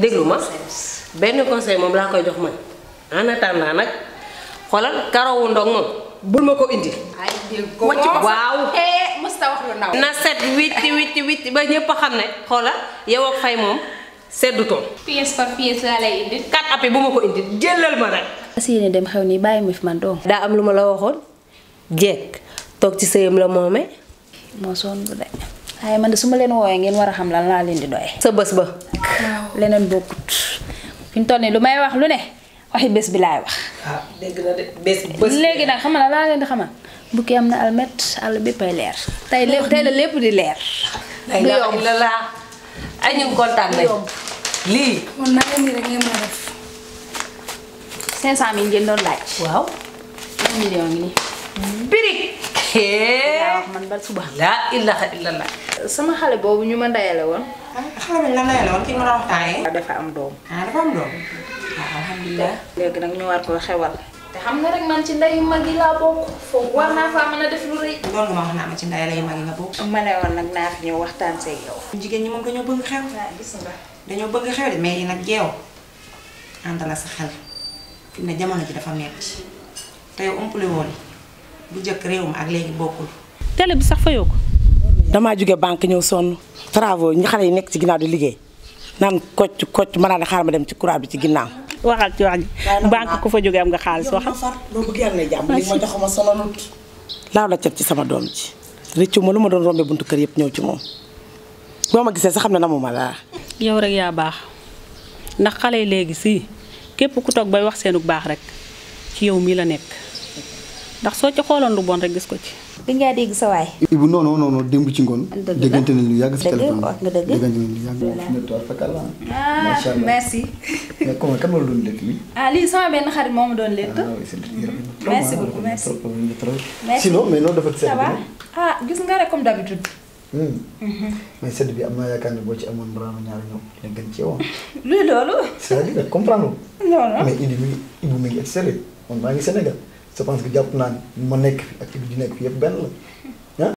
déglu ma benn conseil mom la koy jox man en attendant nag xoolal karawu ndog mom bul mako indi. ay dégg wàcc waaw eh musta wax lu ndaw. na set witti witti witti ba ñepp xamne xolal yow ak fay moom seddutoon. pièce par pièce la lay indi. kat api bu mako indi jëlal ma rek fas dem xew nii bàyyi ma fi man dong. da am luma la waxon jek tok ci sëyam la momé mo son bu de ay man suma len ma ngeen wara xam lan la leen di doye. sa bëss ba. leneen bokkut fi ñu toll nii lu may wax lu ne waxi bés bi laay wax. Ah, dégg na léegi nag xam nga laa leen di xamal bukki am na almet àll béppay leer. tey lépp lépp di leer. du yomb la laa ay ñu kontaan nañ lii. man naa leen rek doon laaj. waaw. million ngi nii. birig. wax ya, man bal suba la ilaha illallah sama xale boobu ñu ma ndayale woon xale bi la ndayale woon ki ma waxtaane dafa am doom ah dafa am doom ah, alhamdulillah léegi nag ñu war ko xewal te xam nga rek man ci ndeyu mag yi laa bokk foofu war ada fa mën a def lu rëy doon nga ma wax naa ma ci ndeyu lay mag yi nga bokk ma ne woon nag naa fi ñëw waxtaan say yow jigéen ñi moom dañoo bëgg xew gis nga dañoo bëgg xew de mais yi nag jeew àndala sa xel fi ne jamono ji dafa metti te yow umpule bu njëkk réew mi ak léegi bokkul. bi sax fayoo ko. damaa jóge banque ñëw sonn travaux ñi xale yi nekk ci ginnaaw di liggéey naan koc kocc mën xaar ne ma dem ci courant bi ci ginnaaw. waxal ci wax ji banque ku fa jóge am nga xaalis waxal. yow bëgg yàlla ma jox ma sonalut. laaw la cet ci sama doom ci rëccu ma lu ma doon rombee buntu kër yëpp ñëw ci moom boo ma gisee sax xam ne namuma laa. yow rek yaa baax ndax xale yi léegi sii képp ku toog bay wax seenu baax rek ci yow mii la nekk. ndax soo ci xooloon lu bon rek gis ko ci. di ngaa dégg sa waay. Ibu non non démb ci ngoon. déggante nañ lu yàgg si téléphone bi dëgg déggante nañ lu yàgg. voilà ah, macha allah merci. mais comment kan moo doon létt bi. ah lii sama benn ah, mais noonu dafa sedd bi. ah gis nga rek comme d'habitude. Hmm. Mhm. mais sedd bi am naa yaakaar ne boo ci amoon mbaaraamu ñaar ñoom la gën ci woon. luy loolu. c'est-à-dire comprendre. non maa ngi Sénégal. je pense que jàpp naa ma nekk fi ak di nekk fi yëpp benn la